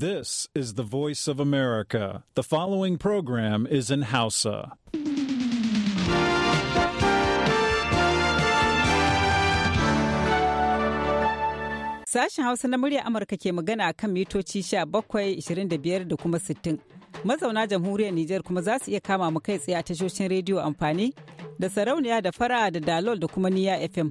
This is the voice of America. The following program is in Hausa. Sashen Hausa na murya Amurka ke magana kan mitoci 17, 25 da kuma 60. Mazauna jamhuriyar Nijar kuma za su iya kama mu kai tsaye a tashoshin rediyo amfani da sarauniya da fara da dalol da kuma niya FM.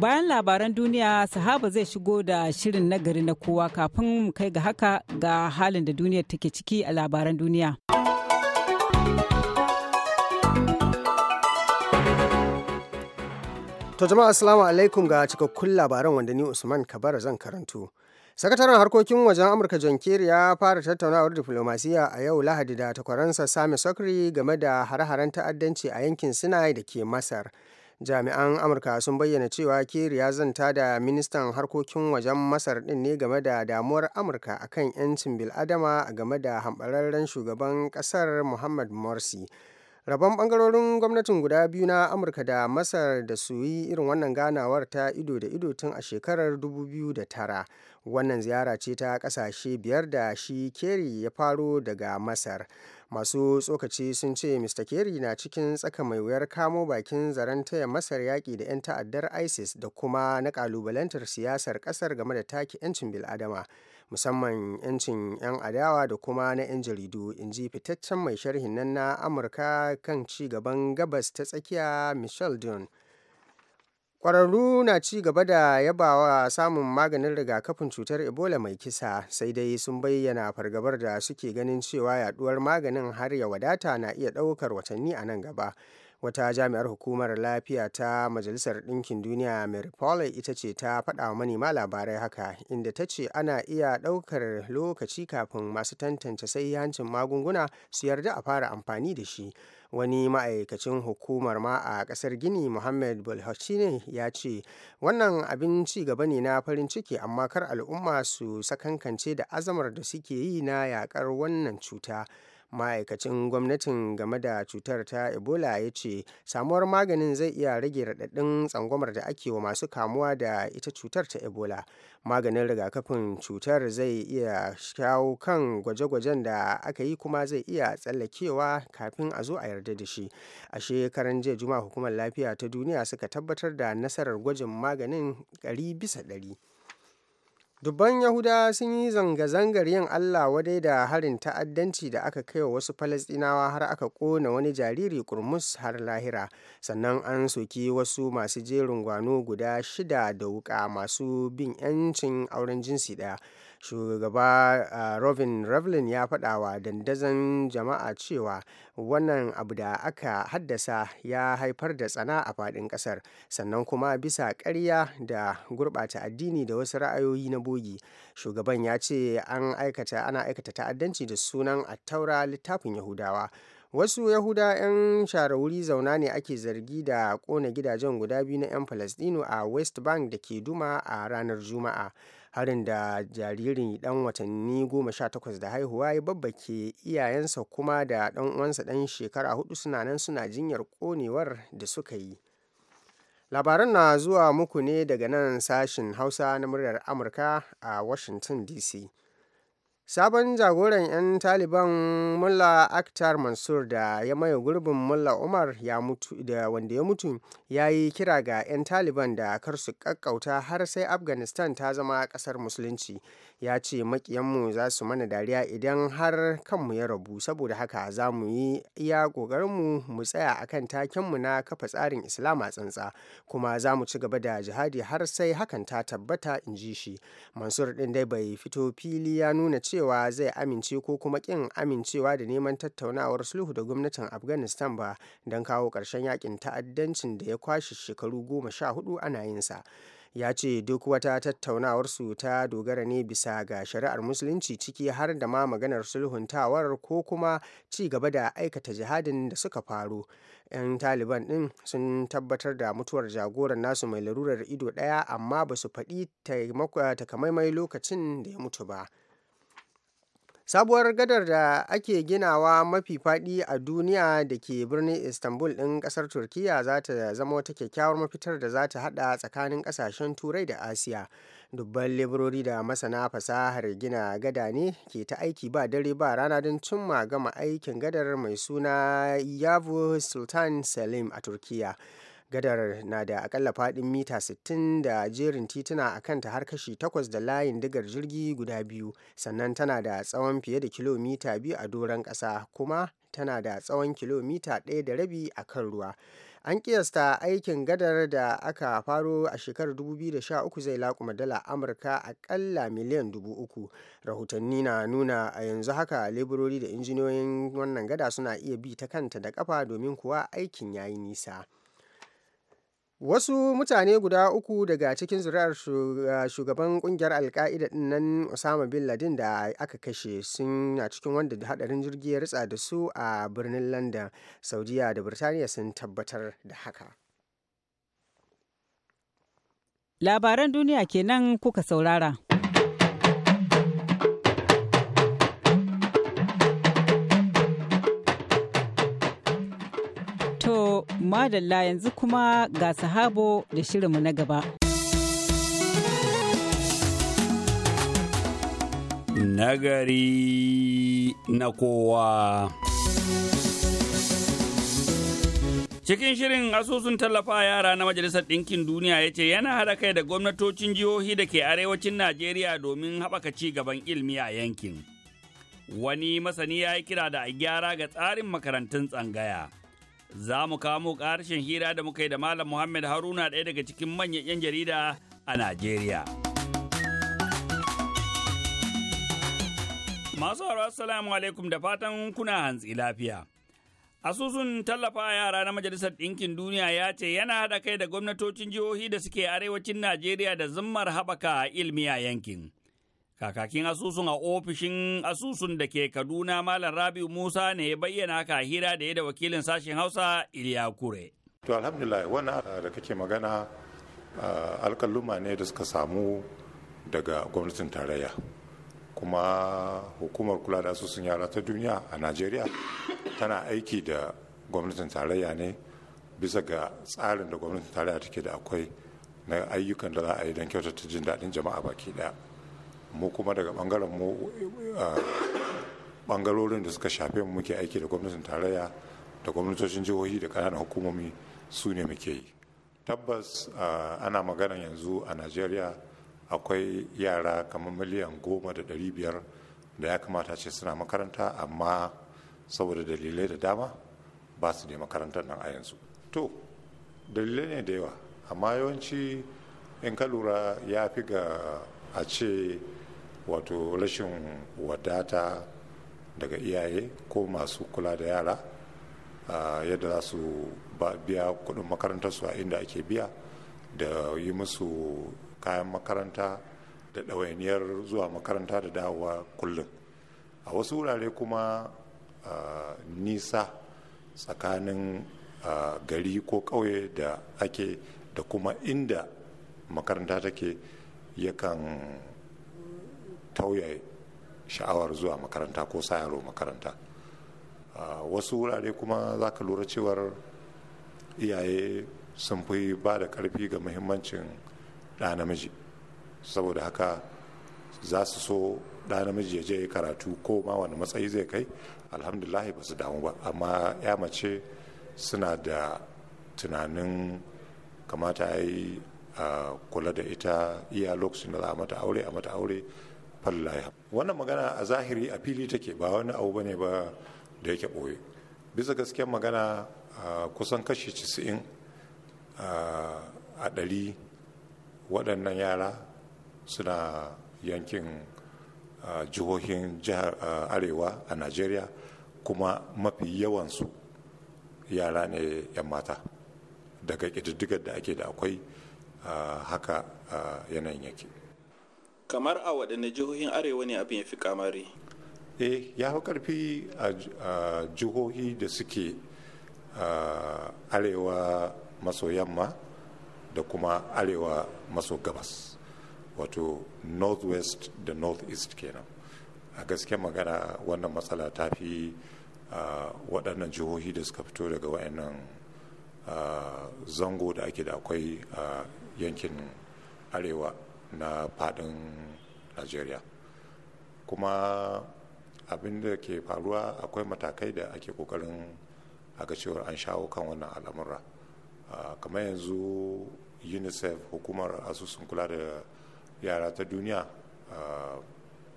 Bayan labaran duniya, sahaba zai shigo da shirin nagari na kowa kafin mu kai ga haka ga halin da duniyar take ciki a labaran duniya. To jama'a assalamu alaikum ga cikakkun labaran wanda ni Usman Kabara zan karantu. Sakataren harkokin wajen Amurka John Kerry ya fara tattaunawar diflomasiyya a yau Lahadi da takwaransa Sami Sokri game da hare-haren ta'addanci a yankin Sinai da ke Masar. jami'an amurka sun bayyana cewa keri ya zanta da ministan harkokin wajen masar din ne game da damuwar amurka akan 'yancin biladama game da hambararren shugaban kasar muhammad morsi rabon bangarorin gwamnatin guda biyu na amurka da masar da su yi irin wannan ganawar ta ido da ido tun a shekarar 2009 wannan ziyara ce ta kasashe biyar da shi keri ya faro daga masar masu tsokaci sun ce mr keri na cikin tsaka mai wuyar kamo bakin zaren taya masar yaƙi da 'yan ta'addar isis da kuma na ƙalubalantar siyasar ƙasar game da take 'yancin bil'adama musamman 'yancin 'yan adawa da kuma na 'yan jaridu in ji fitaccen mai sharhin nan na amurka kan ci gaban gabas ta tsakiya michelle dune Ƙwararru na ci gaba da yabawa samun maganin rigakafin cutar Ebola mai kisa, sai dai sun bayyana fargabar da suke ganin cewa yaɗuwar maganin har ya wadata na iya ɗaukar watanni a nan gaba. Wata jami'ar Hukumar Lafiya ta Majalisar Ɗinkin Duniya Mary paul ita ce ta faɗa wa manema labarai haka, inda ta ce ana iya ɗaukar lokaci kafin masu tantance sai sahihancin magunguna su yarda a fara amfani da shi. wani ma'aikacin hukumar ma a kasar gini muhammad bolhacine ya ce wannan abin ci gaba ne na farin ciki amma kar al'umma su sakankance da azamar da suke yi na yakar wannan cuta ma'aikacin gwamnatin game da cutar ta ebola ya ce samuwar maganin zai iya rage raɗaɗin tsangwamar da ake wa masu kamuwa da ita cutar ta ebola maganin rigakafin cutar zai iya shawo kan gwaje-gwajen da aka yi kuma zai iya tsallakewa kafin a zo a yarda da shi a shekaran jiya juma'a hukumar lafiya ta duniya suka tabbatar da nasarar gwajin maganin 100 bisa 100 Dubban Yahudawa sun yi zanga-zangar yin Allah wadai da harin ta'addanci da aka kai wa wasu Falasɗinawa har aka ƙona wani jariri ƙurmus har lahira, sannan an soki wasu masu jerin gwano guda shida da wuƙa masu bin 'yancin auren jinsi ɗaya. shugaba robin revlin ya faɗa wa dandazon jama'a cewa wannan abu da aka haddasa ya haifar da tsana a faɗin ƙasar sannan kuma bisa karya da gurɓata addini da wasu ra'ayoyi na bogi shugaban ya ce an aikata ana aikata ta'addanci da sunan a taura littafin yahudawa wasu yahuda 'yan share wuri zauna ne ake zargi da kona gidajen guda biyu na 'yan falastinu a west bank da ke duma a ranar juma'a harin da jaririn dan watanni goma sha takwas da haihuwa ya babbake iyayensa kuma da dan uwansa dan shekara hudu suna nan suna jinyar konewar da suka yi labaran na zuwa muku ne daga nan sashin hausa na muryar amurka a washington dc Sabon jagoran 'yan Taliban mulla Akhtar Mansur da ya maye gurbin Mullah da wanda ya mutu ya yi kira ga 'yan Taliban da kar su ƙaƙƙauta har sai Afghanistan ta zama kasar Musulunci. ya ce makiyanmu za su mana dariya idan har kanmu ya rabu saboda haka za mu yi iya ƙoƙarinmu mu tsaya a kan takenmu na kafa tsarin islam a tsantsa kuma za mu ci gaba da jihadi har sai hakan ta tabbata in ji shi mansur ɗin dai bai fito fili ya nuna cewa zai amince ko kuma ƙin amincewa da neman tattaunawar sulhu da gwamnatin afghanistan ba don kawo ƙarshen yakin ta'addancin da ya kwashe shekaru goma sha hudu ana yinsa. ya ce duk wata tattaunawar su ta dogara ne bisa ga shari'ar musulunci ciki har da ma maganar sulhuntawar ko kuma ci gaba da aikata jihadin da suka faru 'yan taliban din sun tabbatar da mutuwar jagoran nasu mai larurar ido daya amma ba su faɗi takamaimai lokacin da ya mutu ba Sabuwar gadar da ake ginawa mafi faɗi a duniya da ke birnin Istanbul ɗin ƙasar Turkiyya za ta zama wata kyakkyawar mafitar da za ta haɗa tsakanin ƙasashen Turai da Asiya. Dubban leburori da masana fasahar gina gada ne ke ta aiki ba dare ba rana don cimma gama aikin gadar mai suna yavu Sultan Selim a Turkiyya. gadar na da akalla fadin mita 60 da jerin tituna a kanta har kashi 8 da layin digar jirgi guda biyu sannan tana da tsawon fiye da kilomita biyu a doron ƙasa kuma tana da tsawon kilomita ɗaya da rabi a kan ruwa an kiyasta aikin gadar da aka faro a shekarar 2013 zai lakuma dala amurka akalla miliyan 3,000 rahotanni na nuna a yanzu haka leburori da injiniyoyin wannan gada suna iya bi ta kanta da kafa domin kuwa aikin yayi nisa Wasu mutane guda uku daga cikin zuri'ar eh, shugaban kungiyar Alka'ida din nan Osama Bin Laden da aka kashe sun a cikin wanda hadarin jirgi ya ritsa da su a birnin London, Saudiya da Birtaniya sun tabbatar da haka. Labaran duniya kenan kuka saurara. Madalla yanzu kuma ga sahabo da shirinmu na gaba. Nagari na kowa. Cikin shirin asusun tallafa yara na Majalisar Ɗinkin Duniya ya ce yana haɗa kai da gwamnatocin jihohi da ke arewacin Najeriya domin haɓaka ci gaban ilmi a yankin. Wani masani ya yi kira da a gyara ga tsarin makarantun tsangaya. za mu kawo ƙarshen hira da muka yi da Malam Muhammad Haruna ɗaya daga cikin manyan 'yan jarida a Najeriya. Masu haro assalamu alaikum da fatan kuna hantsi lafiya. Asusun tallafa yara na Majalisar Ɗinkin Duniya ya ce yana haɗa kai da gwamnatocin jihohi da suke arewacin Najeriya da zummar haɓaka ilmi a yankin. Kakakin asusun a ofishin asusun da ke Kaduna Malam Rabiu Musa ne ya bayyana haka hira da ya da wakilin sashen Hausa Iliya Kure. To alhamdulillah wannan ah, da kake magana ah, alkaluma ne da suka samu daga gwamnatin tarayya kuma hukumar kula da asusun yara ta duniya a Najeriya tana aiki da gwamnatin tarayya ne bisa ga tsarin da gwamnatin tarayya take da akwai na ayyukan da za a yi don kyautata jin daɗin jama'a baki ɗaya. mu kuma daga bangaren mu bangarorin da suka shafe mu muke aiki da gwamnatin tarayya da gwamnatocin jihohi da kananan hukumomi su ne muke yi tabbas ana magana yanzu a najeriya akwai yara kamar miliyan goma da ɗari biyar da ya kamata ce suna makaranta amma saboda dalilai da dama ba su ne makarantar nan a yanzu to dalilai ne da yawa amma yawanci in ka lura ya fi ga a ce wato rashin wadata daga iyaye ko masu kula da yara yadda za su biya kudin makarantarsu a inda ake biya da yi musu kayan makaranta da ɗawainiyar zuwa makaranta da dawowa kullum a wasu wurare kuma nisa tsakanin gari ko ƙauye da ake da kuma inda makaranta take yakan tauye sha'awar zuwa makaranta ko sa yaro makaranta wasu wurare kuma za ka lura cewar iyaye sun fi ba da karfi ga muhimmancin ɗa namiji saboda haka za su so ɗa namiji ya je karatu ko ma wani matsayi zai kai alhamdulahi ba su damu ba amma ya mace suna da tunanin kamata ya yi kula da ita iya lokacin da za a mata aure a mata aure fallaya wannan magana a zahiri a fili take ba wani abu bane ba da yake ɓoye bisa gaskiyar magana kusan kashi 90 a ɗari waɗannan yara suna yankin jihohin jihar arewa a najeriya kuma mafi yawansu yara ne 'yan mata daga ƙididdigar da ake da akwai haka yanayin yake kamar a waɗanne jihohin arewa ne abin ya fi kamari eh ya fi karfi a jihohi da suke arewa maso yamma da kuma arewa maso gabas wato northwest da northeast kenan a gaske magana wannan matsala ta fi waɗannan jihohi da suka fito daga wayannan zango da ake da akwai yankin arewa na fadin najeriya kuma abin da ke faruwa akwai matakai da ake kokarin aga cewar an shawo kan wannan al'amura kamar yanzu unicef hukumar asusun kula da yara ta duniya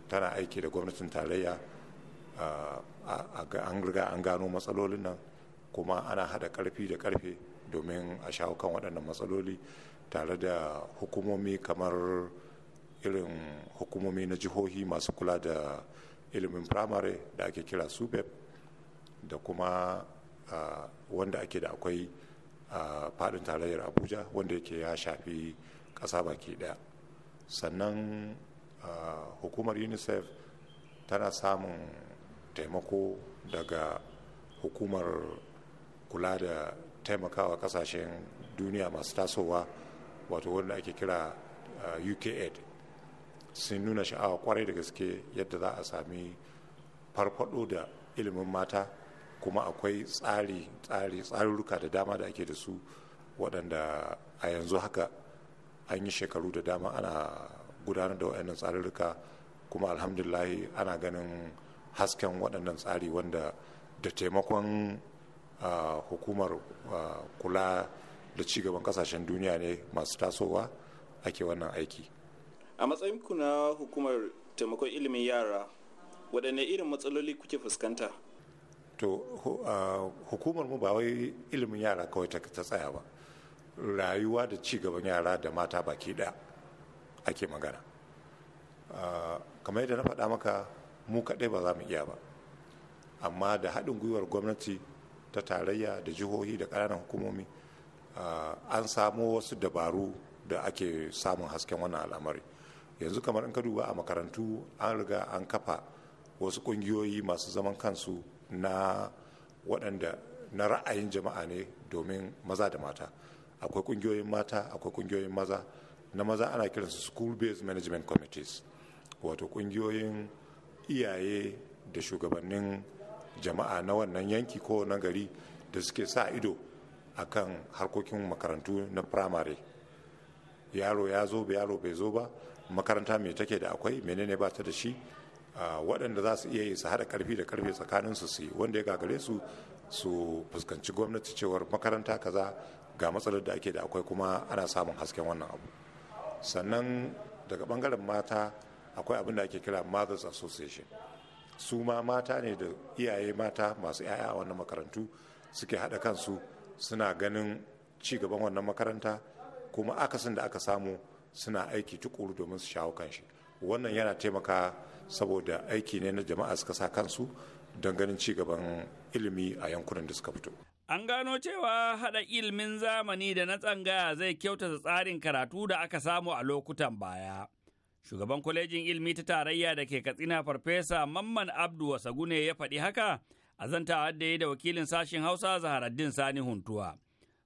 tana aiki da gwamnatin tarayya an riga an gano matsalolin nan kuma ana hada karfi da karfe domin a shawo kan waɗannan matsaloli tare da hukumomi kamar irin hukumomi na jihohi masu kula da ilimin firamare da ake kira subeb da kuma wanda ake da akwai a fadin tarayyar abuja wanda yake ya shafi ƙasa baki ɗaya sannan hukumar unicef tana samun taimako daga hukumar kula da taimakawa ƙasashen duniya masu tasowa wato wanda ake kira uk uh, aid sun nuna sha'awa kwarai da gaske yadda za a sami farfado da ilimin mata kuma akwai tsari tsari tsarurruka da dama da ake da su waɗanda a yanzu haka an yi shekaru da dama ana gudanar da waɗannan tsarurruka kuma alhamdulahi ana ganin hasken waɗannan tsari wanda da taimakon uh, hukumar uh, kula da cigaban kasashen duniya ne masu tasowa ake wannan aiki a matsayin ku na hukumar taimakon ilimin yara waɗanne irin matsaloli kuke fuskanta to hukumar mu ba wai ilimin yara kawai ta tsaya ba rayuwa da cigaban yara da mata baki ɗaya ake magana kamar yadda na faɗa maka mu kaɗai ba za mu iya ba amma da haɗin gwiwar gwamnati ta tarayya da jihohi da ƙananan hukumomi Ah, an samo wasu dabaru da ake samun hasken wannan al'amari yanzu kamar in ka duba a makarantu an riga an kafa wasu kungiyoyi masu zaman kansu na waɗanda na ra'ayin jama'a ne domin maza da mata akwai kungiyoyin mata akwai kungiyoyin maza na maza ana kiransu school based management committees wato kungiyoyin iyaye da shugabannin jama'a na wannan yanki ko na gari da suke sa ido akan harkokin makarantu na firamare yaro ya zo ba yaro bai zo ba makaranta mai take da akwai menene ba ta da shi waɗanda za su iya yi su haɗa ƙarfi da ƙarfe tsakanin su su wanda ya gagare su su fuskanci gwamnati cewar makaranta kaza ga matsalar da ake da akwai kuma ana samun hasken wannan abu sannan daga ɓangaren mata akwai abin da ake kira mothers association su ma mata ne da iyaye mata masu 'ya'ya a wannan makarantu suke haɗa kansu suna ganin ci gaban wannan makaranta kuma akasin da aka samu suna aiki tukuru domin su shawo kan shi wannan yana taimaka saboda aiki ne na jama'a suka sa kansu don ganin ci gaban ilimi a yankunan da suka fito An gano cewa haɗa ilimin zamani da na tsangaya zai kyautata tsarin karatu da aka samu a lokutan baya. Shugaban kwalejin ilimi ta tarayya da ke Katsina Farfesa Mamman Abdu Wasagune ya faɗi haka a zantawa da ya da wakilin sashen Hausa Zaharaddin Sani Huntuwa.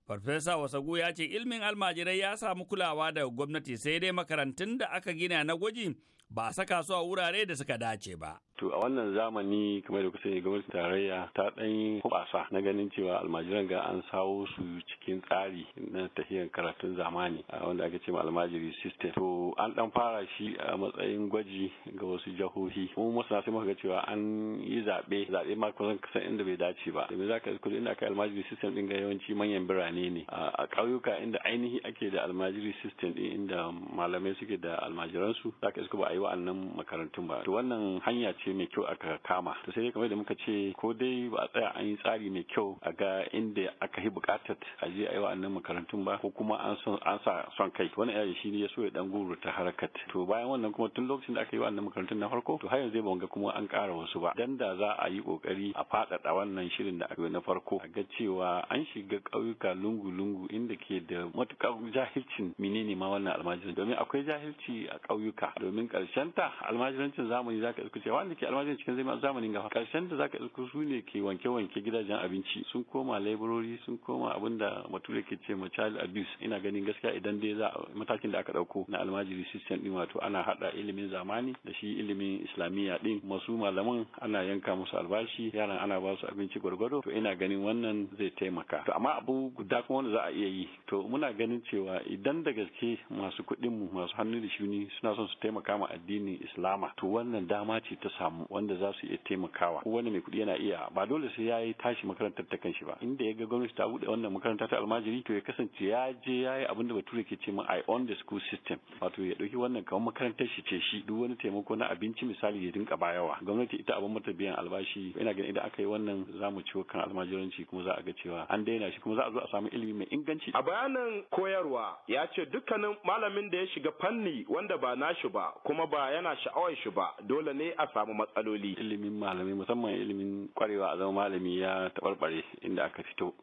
Farfesa Wasagu ya ce ilmin almajirai ya samu kulawa daga gwamnati sai dai makarantun da aka gina na gwaji ba a saka su a wurare da suka dace ba. To a wannan zamani kamar da kusa gwamnatin tarayya ta ɗan kwasa na ganin cewa almajiran ga an sawo su cikin tsari na tafiyar karatun zamani A wanda aka ce almajiri system. To an ɗan fara shi a matsayin gwaji ga wasu jahohi. mu masana sai muka ga cewa an yi zabe zaɓe ma kusan kusan inda bai dace ba. Domin zaka ka kullun inda kai almajiri system ɗin ga yawanci manyan birane ne. A ƙauyuka inda ainihi ake da almajiri system ɗin inda malamai suke da almajiransu za ka isko ba a yi wa'annan makarantun ba. To wannan hanya ce ce mai kyau aka kama to sai dai kamar da muka ce ko dai ba a tsaya an yi tsari mai kyau a ga inda aka yi bukatar a je a yi wa'annan makarantun ba ko kuma an sa son kai wani yaji shi ne ya so ya dan guru ta harakat to bayan wannan kuma tun lokacin da aka yi wa'annan makarantun na farko to har yanzu ban ga kuma an ƙara wasu ba dan da za a yi kokari a faɗaɗa wannan shirin da aka yi na farko a ga cewa an shiga ƙauyuka lungu-lungu inda ke da matuƙar jahilcin menene ma wannan almajiranci domin akwai jahilci a ƙauyuka domin ƙarshen ta almajirancin zamani zaka ka cewa wani suke almajiranci cikin zamanin gaba karshen da zaka ɗauko su ne ke wanke-wanke gidajen abinci sun koma laborori sun koma abin da mature ke ce machal abuse ina ganin gaskiya idan dai za matakin da aka ɗauko na almajiri system ɗin wato ana haɗa ilimin zamani da shi ilimin islamiyya din masu malaman ana yanka musu albashi yaran ana ba su abinci gwargwado to ina ganin wannan zai taimaka to amma abu guda kuma wanda za a iya yi to muna ganin cewa idan da gaske masu kuɗin mu masu hannu da shuni suna son su taimaka ma addinin islama to wannan dama ce ta samu wanda za su iya taimakawa ko wani mai kuɗi yana iya ba dole sai ya yi tashi makarantar ta kanshi ba inda ya ga gwamnati ta buɗe wannan makaranta ta almajiri to ya kasance ya je ya yi abin da bature ke ce i own the school system wato ya ɗauki wannan kamar makarantar shi ce shi duk wani taimako na abinci misali ya dinka bayawa gwamnati ita abin mata biyan albashi ina ganin idan aka yi wannan za mu ciwo kan almajiranci kuma za a ga cewa an daina shi kuma za a zo a samu ilimi mai inganci a bayanin koyarwa ya ce dukkanin malamin da ya shiga fanni wanda ba nashi ba kuma ba yana sha'awar shi ba dole ne a samu matsaloli ilimin malami musamman ilimin kwarewa a zama malami ya taɓarɓare inda aka fito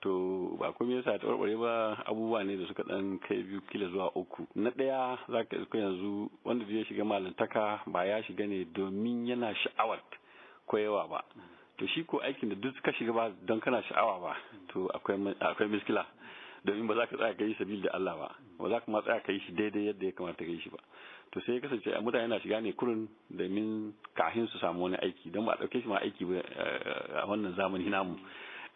to ba komai yasa ta barbare ba abubuwa ne da suka ɗan kai biyu kila zuwa uku na ɗaya za ka isko yanzu wanda zai shiga malantaka ba ya shiga ne domin yana sha'awar koyewa ba to shi ko aikin da duk ka shiga ba don kana sha'awa ba to akwai akwai miskila domin ba za ka tsaya ka yi sabil da Allah ba ba za ka ma tsaya ka yi shi daidai yadda ya kamata ka yi shi ba to sai ya kasance mutane na shiga ne kurin domin kahin su samu wani aiki don ba a shi ma aiki eh, a wannan zamani namu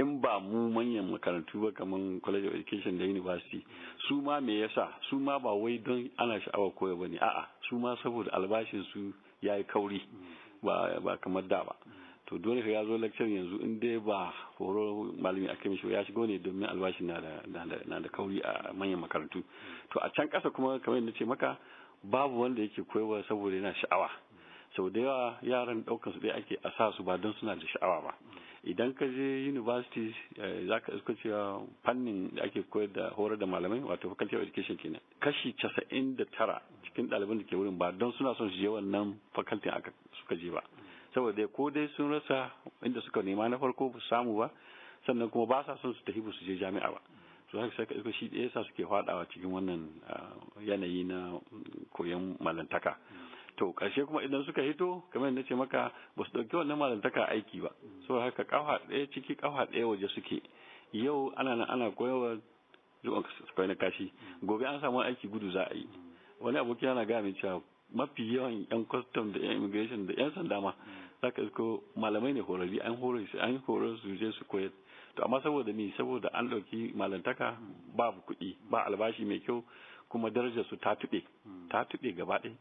in ba mu manyan makarantu ba kamar college of education da university su ma me yasa su ma ba wai don ana sha'awar koya ba ne a'a su ma saboda albashin su ya yi kauri ba kamar da ba to dole ka zo lecture yanzu in dai ba horo malami aka mishi ya shigo ne domin albashi na da kauri a manyan makarantu to a can kasa kuma kamar yadda ce maka babu wanda yake koyarwa saboda yana sha'awa sau da yawa yaran ɗaukar su ɗaya ake a sa su ba don suna da sha'awa ba idan ka je university eh, za ka iska cewa fannin da ake koyar da horar da malamai wato faculty of education kenan kashi casa'in da tara cikin ɗaliban da ke wurin ba don suna son su je wannan faculty aka suka je ba saboda ko dai sun rasa inda suka nema na farko ba samu ba sannan kuma ba sa son su tafi ba su je jami'a ba to haka sai shi da yasa suke faɗawa cikin wannan yanayi na koyon malantaka to karshe kuma idan suka hito kamar na ce maka ba su ɗauki wannan malantaka aiki ba so haka kafa ɗaya ciki kafa ɗaya waje suke yau ana nan ana koyarwa zuwa kai na kashi gobe an samu aiki gudu za a yi wani aboki yana gaya min cewa mafi yawan yan custom da yan immigration da yan sanda ma za isko malamai ne horari an horo su an horar su je su koyar to amma saboda me saboda an ɗauki malantaka babu kuɗi ba albashi mai kyau kuma darajar su ta tuɓe ta tuɓe gaba ɗaya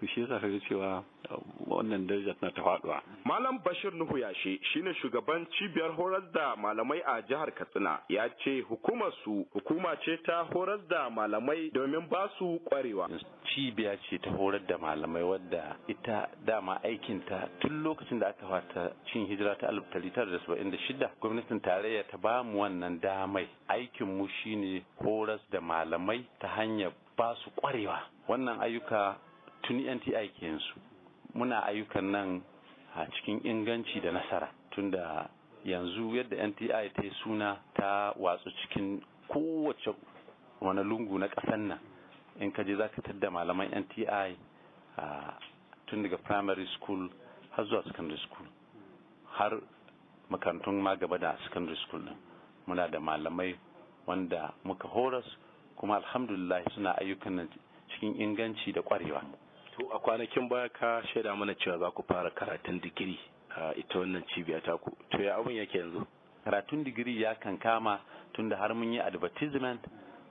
to shi yasa kaga cewa uh, wannan daraja tana ta faduwa malam bashir nuhu yashi shine shugaban cibiyar horar da malamai a jihar katsina ya ce hukumar su hukuma ce ta horar da malamai domin ba su kwarewa cibiya ce ta horar da malamai wadda ita dama aikinta tun lokacin da aka fata cin hijira ta alif shida gwamnatin tarayya ta mu wannan damai mu shine horas da malamai ta hanyar ba su kwarewa wannan ayyuka tuni yanti ke su muna ayyukan nan a cikin inganci da nasara tunda yanzu yadda nti ta yi suna ta watsu cikin kowace wani lungu na ƙasan nan in ka je za ka tadda malaman nti tun daga primary school har zuwa secondary school har makarantun ma gaba da secondary school din muna da malamai wanda muka horas kuma alhamdulillah suna ayyukan cikin inganci da kwarewa a kwanakin baya ka shaida mana cewa za ku fara karatun digiri a ita wannan cibiya ta ku to ya abun yake yanzu karatun digiri ya kan kama tunda har mun yi advertisement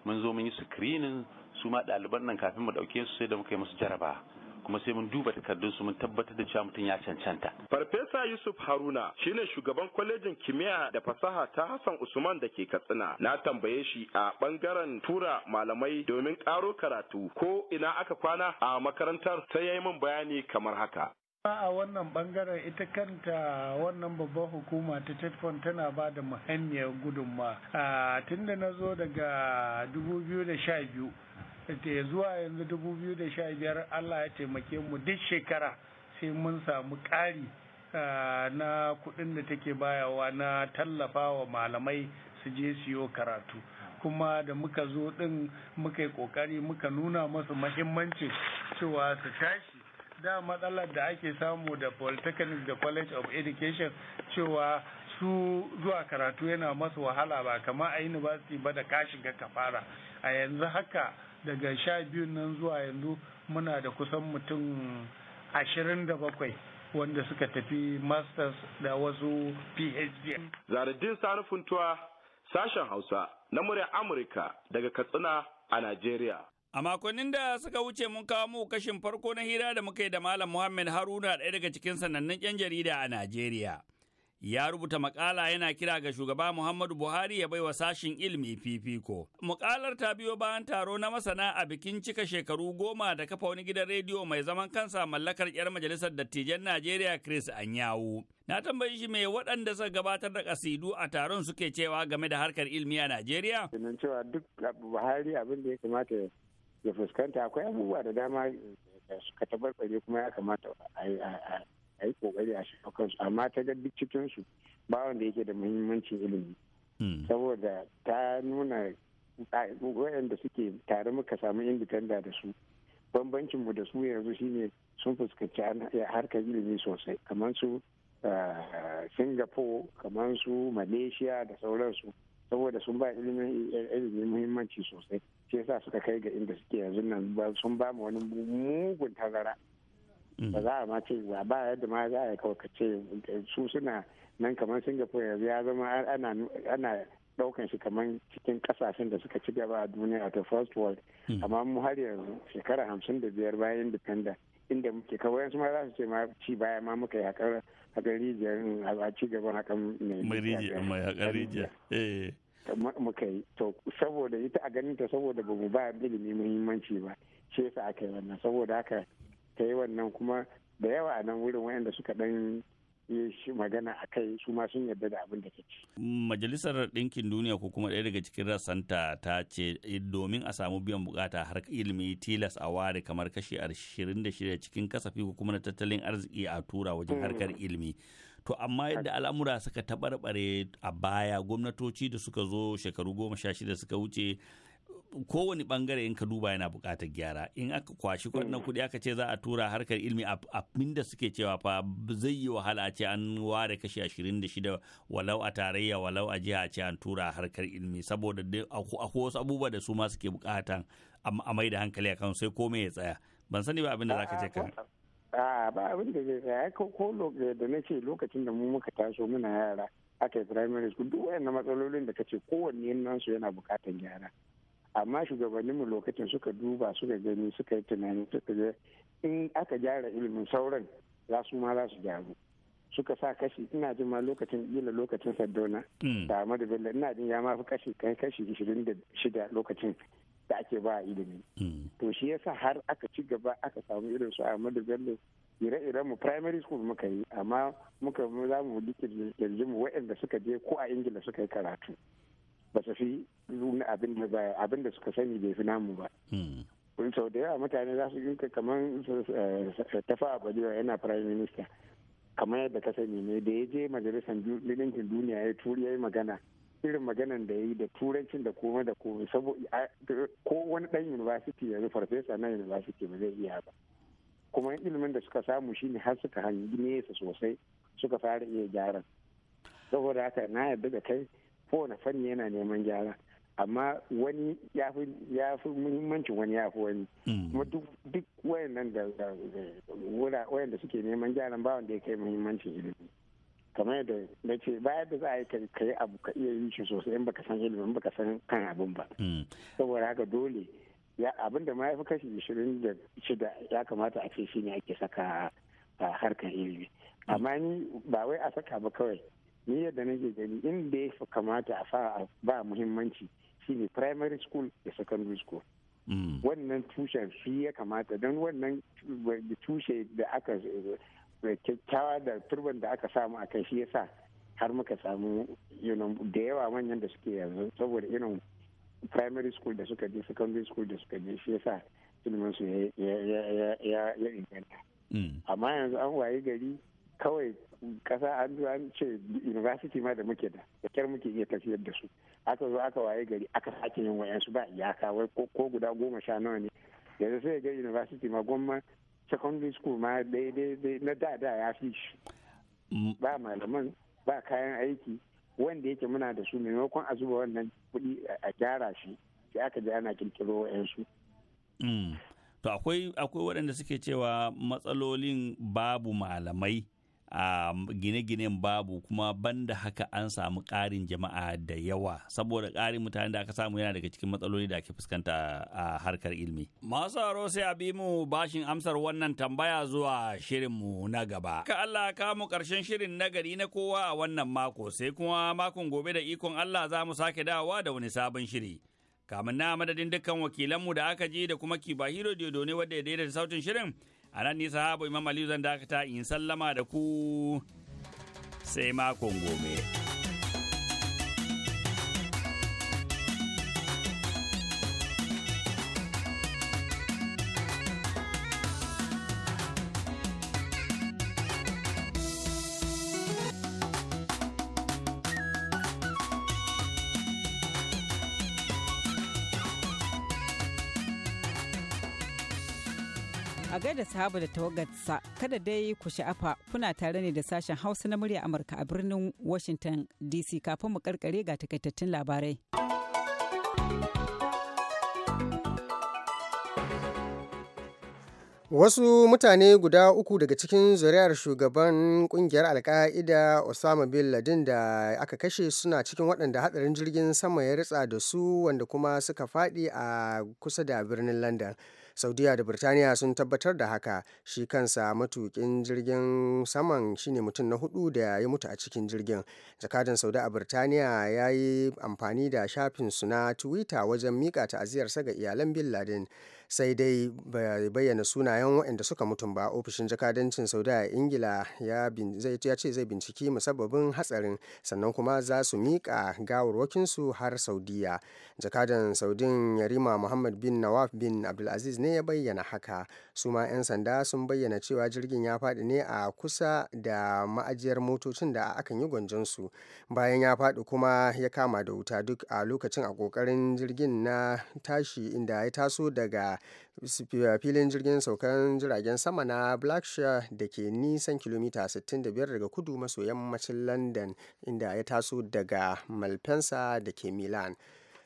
mun zo mun yi screening su ma ɗaliban nan kafin mu ɗauke su sai da muka yi musu jaraba kuma sai mun duba takardun su mun tabbatar da cewa mutum ya cancanta. Farfesa Yusuf Haruna shine shugaban kwalejin kimiyya da fasaha ta Hassan Usman da ke Katsina. Na tambaye shi a bangaren tura malamai domin karo karatu ko ina aka kwana a makarantar sai ya yi min bayani kamar haka. a wannan bangaren ita kanta wannan babban hukuma ta tetfon tana ba da muhimmiyar gudunma tun da na zo daga 2012 ke zuwa yanzu 2015 Allah ya taimake mu duk shekara sai mun samu ƙari na kuɗin da take bayawa na tallafawa malamai su je siyo karatu kuma da muka zo ɗin muka yi ƙoƙari muka nuna masu mahimmanci cewa su tashi da matsalar da ake samu da polytechnic da college of education cewa su zuwa karatu yana masu wahala ba kamar a university ba da kashin ka kafara a yanzu haka daga sha biyun nan zuwa yanzu muna da kusan mutum ashirin da bakwai wanda suka tafi masters da wasu phd zaradin sani funtuwa sashen hausa na murya amurka daga katsina a najeriya A makonnin da suka wuce mun kawo mu kashin farko na hira da muka yi da Malam Muhammad Haruna ɗaya daga cikin sanannun 'yan jarida a Najeriya. ya rubuta makala yana kira ga shugaba Muhammadu Buhari ya baiwa sashin ilimi fifiko. Mukalar ta biyo bayan taro na masana a bikin cika shekaru goma da kafa wani gidan rediyo mai zaman kansa mallakar 'yar majalisar dattijan Najeriya Chris Anyawu. Na tambayi shi me waɗanda suka gabatar da kasidu a taron suke cewa game da harkar ilimi a Najeriya. cewa duk Buhari abin da ya kamata ya fuskanta akwai abubuwa da dama suka tabarbare kuma ya kamata a yi kokari a shiga kansu amma ta ga duk cikin su ba wanda yake da muhimmancin ilimi hmm. saboda ta nuna waɗanda suke tare muka samu indikanda da su bambancin mu da su yanzu shine sun fuskanci eh, harkar ilimi sosai kamar su eh, singapore kamar su malaysia da sauransu saboda sun ba ilimin eh, muhimmanci sosai shi yasa suka kai ga inda suke yanzu nan sun ba mu wani mugun tazara Mm. ba za a ma ce ba ba yadda ma za a kawace su suna nan kamar singapore yanzu ya zama ana daukan shi kamar cikin kasashen da suka ci gaba a duniya ta first world mm. amma mu har yanzu shekara hamsin da biyar bayan independent inda muke kawai ma za su ce ma ci baya ma muka yi hakar rijiyar a ci gaban hakan mai rijiya eh. muka yi to saboda ita a ganin ta saboda ba mu ba ilimi muhimmanci ba ce sa aka yi wannan saboda haka ta yi wannan kuma da yawa a nan wurin wayanda suka dan yi magana a kai su ma sun yarda da abin da ke ci. Majalisar Ɗinkin Duniya ko kuma ɗaya daga cikin rassanta ta ce eh, domin a samu biyan bukata har ilimi tilas a ware kamar kashi shida cikin kasafi ko kuma na tattalin arziki a tura wajen hmm. harkar ilimi. To amma yadda al'amura suka taɓarɓare a baya gwamnatoci da suka zo shekaru goma sha shida suka wuce kowane bangare in ka duba yana bukatar gyara in aka kwashi kwanan mm. kuɗi aka ce za a tura harkar ilmi a da suke cewa fa zai yi wahala a ce an ware kashi ashirin da shida walau a tarayya walau a jiha ce an tura harkar ilmi saboda akwai wasu abubuwa da su ma suke buƙatan a mai da hankali a kan sai komai ya tsaya ban sani ba abin za ka ce kan a ba abin da zai tsaya ko da na ce lokacin da mu muka taso muna yara aka yi primary school duk wayannan matsalolin da kace kowanne nan su yana buƙatar gyara amma shugabanninmu lokacin suka duba suka gani suka yi tunani suka ga in aka gyara ilimin sauran za su ma za su gyaru suka sa kashi ina jin ma lokacin ila lokacin sadona hmm. da amadu bello ina jin ya ma fi kashi kai kashi ishirin da shida lokacin da ake ba ilimi hmm. to shi yasa har aka ci gaba aka samu irin su amadu bello ire-iren mu primary school muka yi amma muka za mu yanzu mu waɗanda suka je ko a ingila suka yi karatu ba su fi nuna abin da suka sani bai fi namu ba hmm. kun sau da yawa mutane za su ginka kamar eh, tafa a balewa yana prime minister kamar yadda ka sani ne da ya je majalisar ɗinkin duniya ya turi ya yi magana irin maganan da ya yi da turancin da kuma da kuma saboda ko wani ɗan university yanzu farfesa na university ba zai iya ba kuma ilimin da suka samu shi ne har suka hangi nesa sosai suka fara iya gyaran saboda haka na yarda da kai kowane fanni yana neman gyara amma wani ya fi muhimmancin wani ya fi wani hmm. kuma duk wayannan da wayanda suke neman gyaran ba wanda ya kai muhimmancin ilimi kamar yadda na ce bayan da za a yi ka yi abu ka iya yin shi sosai in baka san ilimin baka san kan abin ba hmm. saboda haka dole ya abin da ma ya fi kashi ishirin da shida ya kamata a ce shine ake saka harkar ilimi hmm. amma ni ba wai a saka ba kawai ni yadda nake gani inda ya kamata a fara ba muhimmanci shine primary school da secondary school mm. wannan tushen shi ya kamata don wannan tushe da aka kyakkyawa da turban da aka samu a kai shi ya sa har muka samu da yawa manyan da suke yanzu saboda irin primary school da suka je secondary school da suka je shi ya sa ilimin su ya inganta mm. amma yanzu an waye gari kawai kasa an zo an ce university ma da muke da kyar muke iya tafiyar da su aka zo aka waye gari aka sake yin wayansu ba iyaka wai ko guda goma sha nawa ne yanzu sai ga university ma gwamma secondary school ma daidai na da da ya fi shi mm. ba malaman ba kayan aiki wanda yake muna da su maimakon a zuba wannan kuɗi a gyara shi sai aka je ana kirkiro wayansu mm. to akwai akwai waɗanda suke cewa matsalolin babu malamai A gine-ginen babu kuma banda haka an samu ƙarin jama'a da yawa saboda ƙarin mutane da aka samu yana daga cikin matsaloli da ake fuskanta a harkar ilimi. Masu aro sai a bi mu bashin amsar wannan tambaya zuwa shirinmu na gaba. Ka Allah ka mu ƙarshen shirin na gari na kowa a wannan mako sai kuma makon gobe da ikon Allah za mu sake dawowa da wani sabon shiri. Kamin na madadin dukkan wakilanmu da aka ji da kuma Kibahiro Diodone wadda ya daidaita sautin shirin. a nan nisa habu imam aliyu zan dakata in sallama da ku sai makon gobe. a da sahaba da tawagarsa kada dai ku sha'afa kuna tare ne da sashen hausa na murya amurka a birnin washington dc kafin mu karkare ga takaitattun labarai wasu mutane guda uku daga cikin zuri'ar shugaban kungiyar alka'ida osama bin laden da aka kashe suna cikin waɗanda hadarin jirgin sama ya ritsa da su wanda kuma suka faɗi a kusa da birnin london saudiya da birtaniya sun tabbatar da haka shi kansa matukin jirgin saman shine mutum na hudu da ya mutu a cikin jirgin jakadan saudi a birtaniya ya yi amfani da shafinsu na twitter wajen mika ta'aziyarsa ga iyalan bin laden sai dai bai bayyana sunayen waɗanda suka mutum ba ofishin jakadancin saudi a ingila ya ce zai binciki musabbabin hatsarin sannan kuma za su miƙa gawarwakinsu har saudiya jakadan saudin yarima muhammad bin nawaf bin abdulaziz ne ya bayyana haka su ma 'yan sanda sun bayyana cewa jirgin ya faɗi ne a kusa da ma'ajiyar motocin da akan yi su bayan ya faɗi kuma ya kama da wuta duk a lokacin a ƙoƙarin jirgin na tashi inda ya taso daga najeriya filin jirgin saukan jiragen sama na blackshire da ke nisan kilomita 65 daga kudu maso yammacin london inda ya taso daga malpensa da ke milan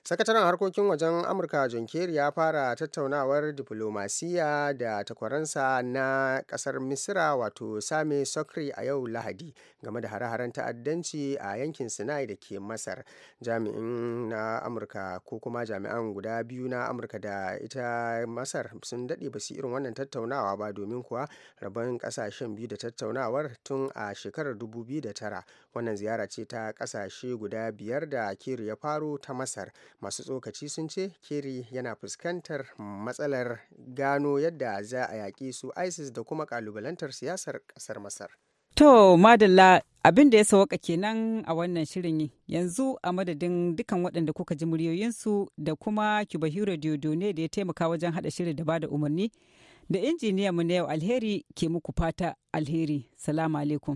sakataren harkokin wajen amurka john kerry ya fara tattaunawar diflomasiyya da takwaransa na kasar misira wato same sokri a yau lahadi game da hare-haren ta'addanci a yankin sinai da ke masar jami'in na amurka ko kuma jami'an guda biyu na amurka da ita masar sun daɗe ba su irin wannan tattaunawa ba domin kuwa rabon ƙasashen biyu da tattaunawar tun a shekarar 2009 wannan ziyara ce ta ƙasashe guda biyar da keru ya faro ta masar masu tsokaci sun ce kerry yana fuskantar matsalar gano yadda za a yaƙi su isis da kuma ƙalubalantar siyasar ƙasar masar To, Madalla, abin da ya sauka kenan a wannan shirin yanzu a madadin dukkan waɗanda kuka ji muryoyinsu da kuma Kibahiro ne da ya taimaka wajen haɗa shirin da ba da umarni da mu na yau alheri ke muku fata alheri. Salamu alaikum.